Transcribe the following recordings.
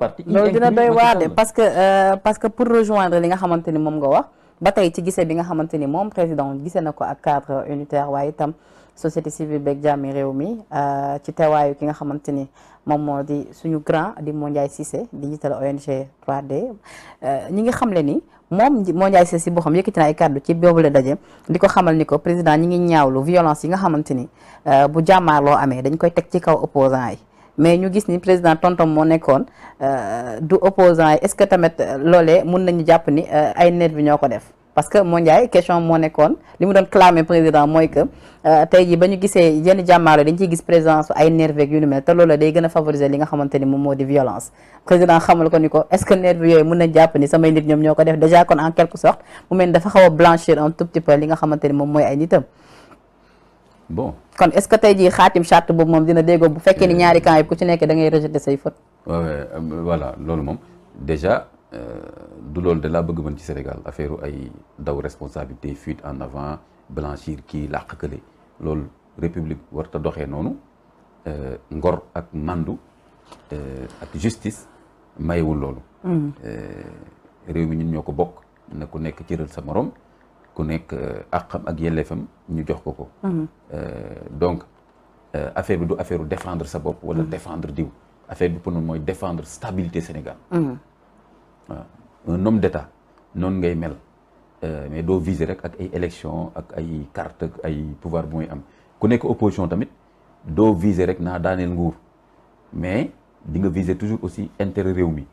partie loolu dina doy waar de parce que euh, parce que pour rejoindre li nga xamante ni moom nga wax ba tey ci gisee bi nga xamante ni moom président gisee na ko ak cadre unitaire waaye itam société civile beeg jàmmi réew mi euh, ci teewaayu ki nga xamante ni moom moo di suñu grand di Mondiaye Cissé digital ONG 3D euh, ñi ngi xamle ni moom Mondiaye Cissé si boo xam yëkkati na ay kàddu ci boobu la daje di ko xamal ni ko président ñi ngi ñaawlu violence yi nga xamante ni bu loo amee dañ koy teg ci kaw opposant yi mais ñu gis ni président tontom moo nekkoon euh, du opposant yi est-ce que tamit euh, loolee mun nañu jàpp ni euh, ay nerf ñoo ko def parce que moo njaay question moo nekkoon li mu doon clamé président mooy que te jii ba ñu gisee yenn jàmmaarlo dañ ciy gis présence ay nervis yu ni mel te loolu day gën a favoriser li nga xamante ni moom moo di violence président xamal ko ni ko est-ce que nervis yooyu mën nañ jàpp ni samay nit ñoom ñoo ko def déjà kon en quelque a blanchir un li nga xamante ni moom mooy ay nitam bon kon est-ce que tey jii xaatim charte boobu moom dina déggoo bu fekkee ni euh, ñaari camp yëpp ku ci nekk da ngay rejeter say faute. Euh, voilà loolu moom déjà euh, du loolu de la bëgg mën ci Sénégal affaire ay daw responsabilité fuite en avant blanchir kii làq kële loolu république warta ta doxee noonu ngor ak mandu ak justice mayewul loolu. Mm. réew mi ñun ñoo ko bokk na ku nekk cëral sa moroom ku nekk euh, àqam ak yelleefam ñu jox ko ko. Mhm. Euh, donc euh, affaire bi du affaire défendre sa bopp. wala mhm. défendre diw affaire bi pour noonu mooy défendre stabilité Sénégal. Mhm. un homme d'état noonu ngay mel mais doo viser rek ak ay élection ak ay carte ak ay pouvoir bu muy am ku nekk opposition tamit doo viser rek naa daaneel nguur mais di nga viser toujours aussi intérêt réew mi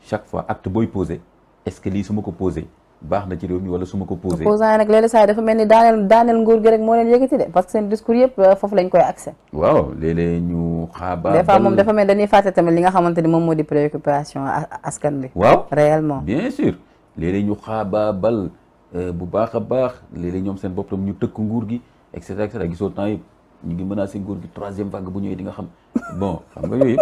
chaque fois act booy posé est-ce que lii su ma ko posé. baax na ci réew mi wala su ma ko posé opposant yi nag léeg saa yi dafa mel ni daaneel daaneel nguur gi rek moo leen yëkkati de parce que seen discours yëpp euh, foofu lañ koy accès waaw léeg ñu xaaba des fois xaabaabal euh, bu baax a baax léeg ñoom seen bopp tam ñu tëkk nguur gi et cetera et cetera gisoo temps yëpp ñu ngi menacé nguur gi troisième vague bu ñëwee di nga xam bon xam nga yooyu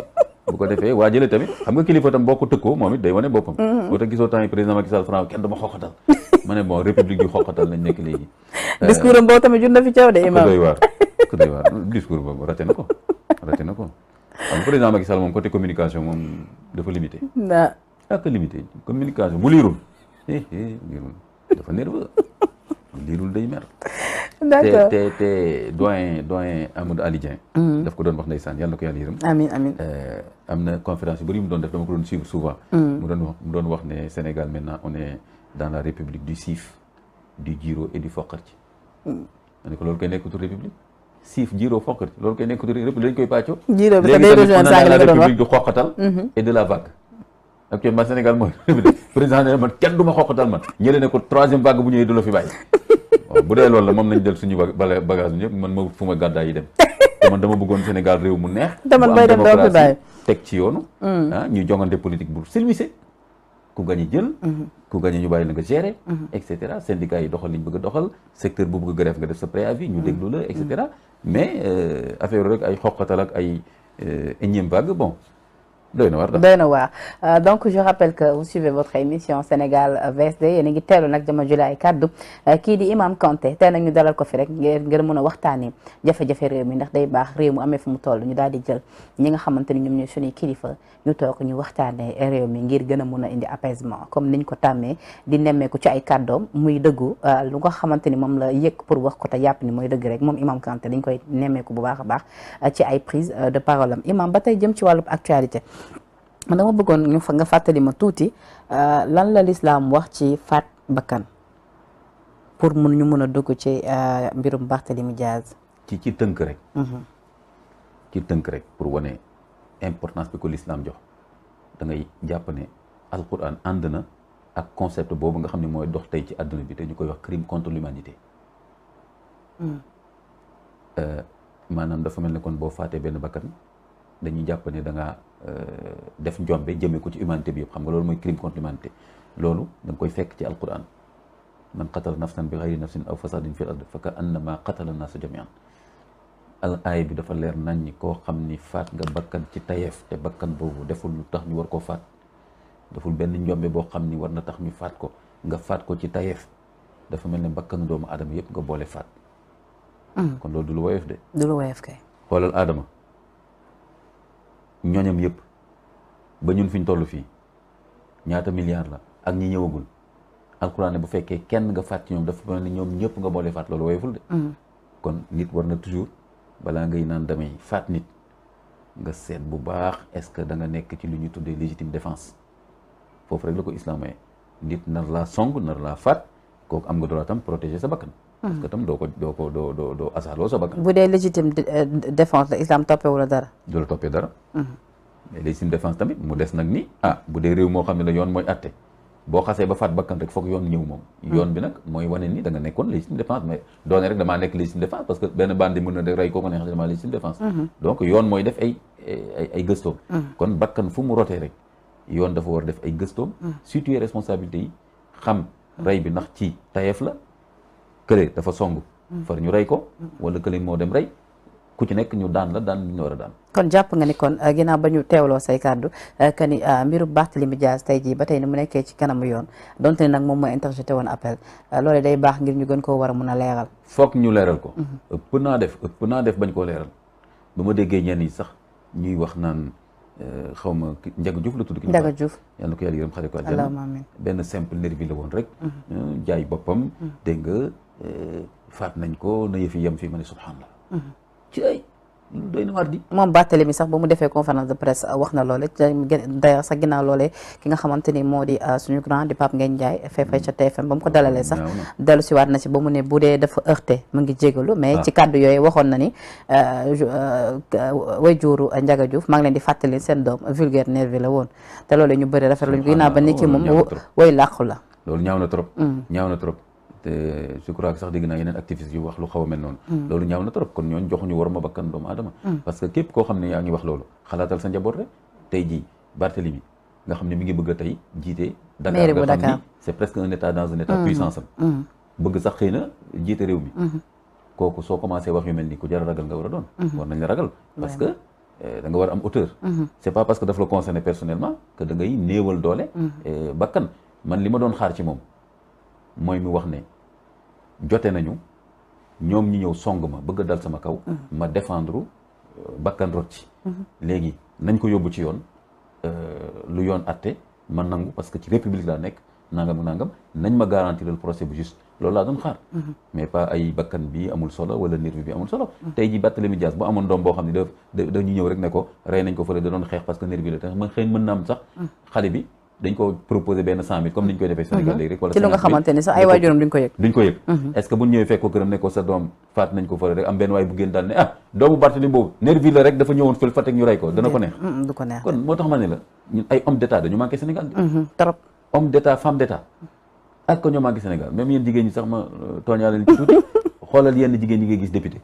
bu ko defee waa jële tamit xam nga kilifa tam boo tëkkoo moom it day wane boppam mm-hmm. boo tax gisoo temps yi président Macky France kenn dama xooxatal ma ne bon république yu xooxatal nañ nekk léegi discours boobu tamit jur fi coow de imam discours boobu raté na ko raté na ko xam président Macky Sall moom côté communication moom dafa limité waa aka limité communication mu liirul liirul dafa nerveux liirul day mer. d'accord te doyen doyen Amadou Ali mm-hmm. daf ko doon wax ndeysaan yàlla na ko yàlla yërëm. amiin eh, am na conférence yu bëri mu doon def dama ko doon suivre mm-hmm. mu doon wax mu doon wax ne Sénégal maintenant on est dans la république du siif du jiiro et du foqarci. Mm-hmm. ma ne ko loolu koy nekkatul république siif jiiro foqarci loolu koy nekkatul république dañ koy pàccoo. jiiro bi te day république du xoqatal. et de la vague. actuellement Sénégal mooy président ne man kenn du ma xoqatal man ne ko troisième vague bu ñëwee du la fi bàyyi waaw moom nañ jël suñu bale bagage bi ñëpp man ma wut fu ma gàddaa yi dama bëggoon Sénégal réew mu neex demal bay dem doo fi bàyyi teg ci yoonu mm. ah, ñu ñuy jongante politique bu silvisé ku gañ jël mm-hmm. ku gañ ñu bàyyi la nga gérer mm-hmm. et cetera syndicat yi doxal li ñu bëgg a doxal secteur bu bëgg a grève nga def sa préavis ñu mm-hmm. déglu la et cetera mais euh, affaire rek ay xoqatal ak ay euh, énième vague doy na waar na waar euh, donc je rappelle que vous suivez votre émission Sénégal VSD yéen a ngi teelu nag jama jula ay kaddu euh, kii di Imam Kanté tey nag ñu dalal ko fi rek ngir mën a waxtaanee jafe-jafe réew mi ndax day baax réew mu amee fu mu toll ñu daal di jël ñi nga xamante ni ñoom ñooy suñuy kilifa ñu toog ñu waxtaanee réew mi ngir gën a mën a indi apaisement comme niñ ko tàmmee di nemmeeku ci ay kaddoom muy dëggu euh, lu nga xamante ni moom la yëg pour wax ko te yàpp ni mooy dëgg rek moom Imam Kanté dañ koy nemmeeku bu baax a baax ci ay prise de parole am Imam ba tey jëm ci wàllub actualité man dama bëggoon fa nga fàttali ma tuuti euh, lan la lislaam wax ci faat bakkan pour mun ñu mën a dugg ci euh, mbirum Barthélemy Diaz ci ci tënk rek mhm. ci tënk rek pour wane importance bi ko lislaam jox da ngay jàpp ne alquran ànd na ak concept boobu nga xam ne mooy dox tey ci àdduna bi te ñu koy wax crime contre l'humanité mhm. euh, maanaam dafa mel ne kon boo faatee benn bakkan dañuy jàpp ne da nga euh, def njombe jëmee ko ci humanité bi yëpp xam nga loolu mooy crime contre loolu da koy fekk ci alquran man qatala nafsan bi ghayri nafsin aw fasadin fil ard fa ka annama qatala naasa jamian al aaya bi dafa leer nañ ñi koo xam ni faat nga bakkan ci tayeef te bakkan boobu deful lu tax ñu war koo faat deful benn njombe boo xam ni war na tax ñu faat ko nga faat ko ci tayeef dafa mel ne bakkan doomu aadama yëpp nga boole faat mm. kon loolu du lu woyof de du lu woyof kay xoolal aadama ñoñam yëpp ba ñun fi ñu toll fii ñaata milliards la ak ñi ñëwagul alxuraan ne bu fekkee kenn nga fàtt ci ñoom dafa mel ni ñoom ñëpp nga boole fàtt loolu woyeful de. Mm. kon nit war na toujours balaa ngay naan damay fàtt nit nga seet bu baax est-ce que da nga nekk ci lu ñu tuddee légitime defence foofu rek la ko islam maye nit nar laa song nar laa fàtt kooku am nga droit tam protéger sa bakkan. parce que tam doo ko doo ko doo doo doo asaaloo sa bakkan. bu dee légitime euh, défense la islam toppee dara. du la toppee dara. Mm-hmm. mais légitime tamit mu des nag ni ah bu dee réew moo xam ne la yoon mooy atte boo xasee ba faat bakkan rek foog yoon ñëw moom. Mm-hmm. yoon bi nag mooy wane ni da nga nekkoon légitime défense mais doone rek damaa nekk légitime défense parce que benn bandi mën na de rey ko ko neex damaa légitime défense. Mm-hmm. donc yoon mooy def ay ay ay gëstoom. kon bakkan rek yoon dafa war def ay gëstoom. situer responsabilité yi xam rey bi ndax ci tayef la. kële dafa song. Mm. far ñu rey ko. Mm. wala kële moo dem rey. ku ci nekk ñu daan la daan ñu war a daan. kon jàpp nga ni kon euh, ginnaaw ba ñu teewloo say kàddu euh, que ni euh, mbiru Barthélémy Dias tey jii ba tey ni mu nekkee ci kanamu yoon donte ni nag moom mooy interjeté woon appel loolee day baax ngir ñu gën koo war a mun a leeral. foog ñu leeral ko. Mm-hmm. ëpp naa def ëpp naa def bañ koo leeral ba ma déggee ñenn yi sax ñuy wax naan xaw ma Ndiaga Diouf la tudd. Ndiaga Diouf yàlla na ko yàlla yërëm xare ko àjjana. benn la woon rek. Mm-hmm. jaay boppam mm-hmm. dégg Euh, faat nañ ko na yëfi yem fii ma ne subhanallah moom Barthélémy mi sax ba mu defee conférence de presse euh, wax na loole d'ailleurs sax ginnaaw loolee ki nga xamante ni moo di euh, suñu grand di Pape Ngagne Ndiaye feefay ca TFM ba mu ko mm, dalalee sax dellu siwaat na ci ba mu ne bu dee dafa heurté mu ngi jégalu mais ah. ci kàddu yooyu waxoon na ni way juuru Ndiaga Diouf maa leen di fàttali seen doom vulgaire nervi la woon te loole ñu bëri rafet lañ ko ginnaaw ba ni ki moom way làqu la loolu ñaaw na trop mm. ñaaw na trop te je crois que sax dégg naa xaw a mel noonu mm. na trop kon ñooñ joxuñu war ma bakkan doomu aadama mm. parce que képp nga xam ne mi ngi bëgg a tey jiite Dakar nga xam ni c'est presque un état dans un état mm. puissance am bëgg sax xëy na jiite réew mi mm-hmm. kooku soo commencé wax yu mel ni ku jar a ragal nga war a doon mm-hmm. war nañ la ragal parce que eh, da war a am hauteur mm-hmm. c'est pas parce que daf la concerné personnellement que da ngay néewal doole eh, bakkan man li ma doon xaar ci moom mooy mi wax ne jote nañu ñoom ñu ñëw song ma bëgg dal sama kaw mm-hmm. ma défendre euh, bakkan rot ci mm-hmm. léegi nañ ko yóbbu ci yoon euh, lu yoon atte ma nangu parce que ci république laa nekk nangam nangam nañ ma garantiral procès bu juste loolu laa doon xaar mm-hmm. mais pas ay bakkan bi amul solo wala nervi bi amul solo tey ji Barthélémy Dias bu amoon doom boo xam ne da dañu ñëw rek ne ko rey nañ ko fële da doon xeex parce que nervi la te man xëy mën na am sax mm. xale bi dañ ko proposer benn cent mille comme ni ñu koy defee Sénégal mhm. léegi rek wala ci lu nga xamante ne sax ay waajuram duñ ko yëg duñ ko yëg mhm. est-ce que bu ñëwee fekk ko këram ne ko sa doom faat nañ ko fële rek am benn waay bu génn daal ne ah doomu Barthélémy boobu nervi la rek dafa ñëwoon fële Fatick ñu rey ko dana ko neex mhm, du ko neex kon moo tax ma ne la ñun ay homme d'état dañu manqué Sénégal trop homme d'état femme d'état ak ko ñoo manqué Sénégal même yéen jigéen ñi sax ma euh, tooñaa leen ci tuuti xoolal yenn jigéen ñi ngay gis député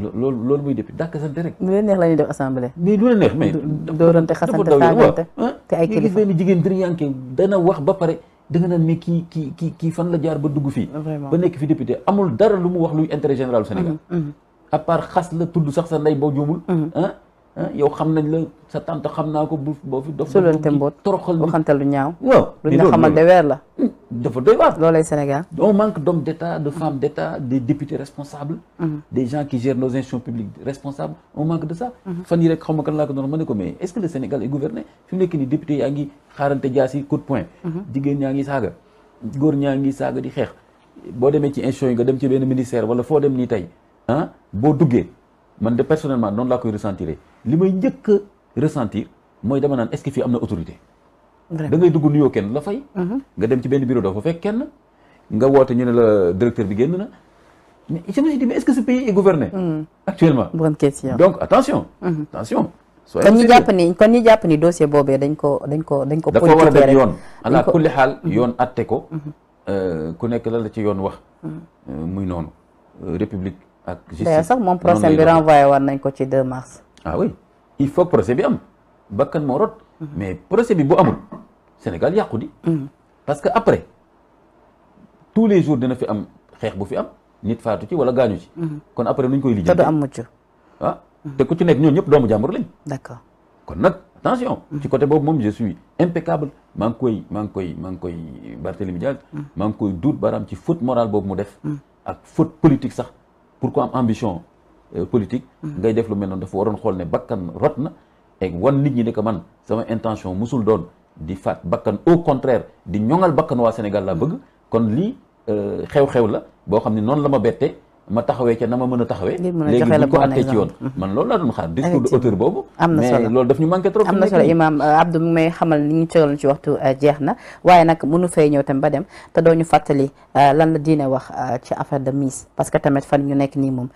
loolu loolu muy depuis dàkkasante rek. lu leen neex la ñuy def assemblée. nii lu leen neex mais. doorante xasante saagante ah, te ay kilifa benn jigéen diriyanke dana wax ba pare da nga naan mais kii kii kii kii fan la jaar ba dugg fii. ba nekk fi député amul dara lu mu wax luy intérêt général Sénégal. Mm-hmm, mm-hmm. à part xas la tudd sax sa ndey boo juumul. Mm-hmm. Ah, Ah, yow xam nañ la sa tante xam naa ko bu boo fi. dof sulonte mboot toroxal waxante lu ñaaw. waaw luñ la xamal de weer la. Hmm, dafa doy waar. loolay Sénégal. on manque d'hommes d'État de femmes d'État des députés responsables. Hmm. des gens qui gèrent nos institutions publiques responsables on manque de ça. Hmm. fan yii rek xaw ma kan laa ko doon ko mais est est gouverné fi ngi xaarante jigéen ñaa ngi saaga. góor ñaa ngi saaga di xeex. boo demee ci institution yi nga dem ci benn ministère wala foo dem nii tey. Ah, boo duggee. man de personnellement noonu laa koy ressentir li may jëkk a ressentir mooy dama naan est-ce fii am na autorité. da ngay dugg nuyoo kenn la fay. Mhm. nga dem ci benn bureau doo fa fekk kenn nga woote ñu ne la directeur bi génn na. mais je me suis dit mais est-ce que ce pays est gouverné. Mhm. actuellement bonne question. donc attention. Mhm. kon ñu jàpp ni kon boobee dañ ko dañ ko dañ ko. dañ ko dafa war a dem yoon. ala kulli xaal yoon atte ko. Euh, ku nekk la la ci yoon wax. Euh, muy noonu euh, république. ak justice sax moom procès bi renvoyé war nañ ko ci 2 mars. ah oui il faut procès bi am bakkan moo rot. Mhm. mais procès bi bu amul Sénégal yàqu di. Mhm. parce que après tous les jours dina fi am xeex bu fi am nit faatu ci wala gaañu ci. Mhm. kon après nuñ koy lijjanti te du am mucc. ah te ku ci nekk ñooñu ñëpp doomu jàmbur lañ. d'accord kon nag attention. ci côté boobu moom je suis impeccable maa ngi koy maa ngi koy maa ngi koy Barthélémy Diaz. maa ngi koy duut baaraam ci faute morale boobu mu def. ak faute politique sax. pour ku am ambition euh, politique. Mm-hmm. ngay def lu mel noonu dafa waroon xool ne bakkan rot na ak wan nit ñi ne que man sama intention mosul doon di faat bakkan au contraire di ñoŋal bakkan waa Sénégal laa bëgg mm-hmm. kon lii euh, xew-xew la boo xam ne noonu la ma bettee ma taxawee ca na ma mën a taxawee léegi man loolu laa doon xaar discours de auteur boobu am na solo imam euh, Abdou mi may xamal ni ñu cëraloon ci waxtu euh, jeex na waaye nag mënu fay ñëw tam ba dem te doo ñu fàttali euh, lan la diine wax ci affaire de Miss parce que tamit fan ñu nekk nii moom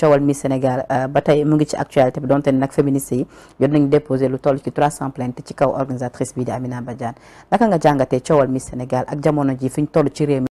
coowal Miss Sénégal ba tey mu ngi ci actualité bi donte ni nag féministes yi jot nañu déposé lu toll ci 300 plaintes ci kaw organisatrice bii di Amina Badiane naka nga jàngatee coowal Miss Sénégal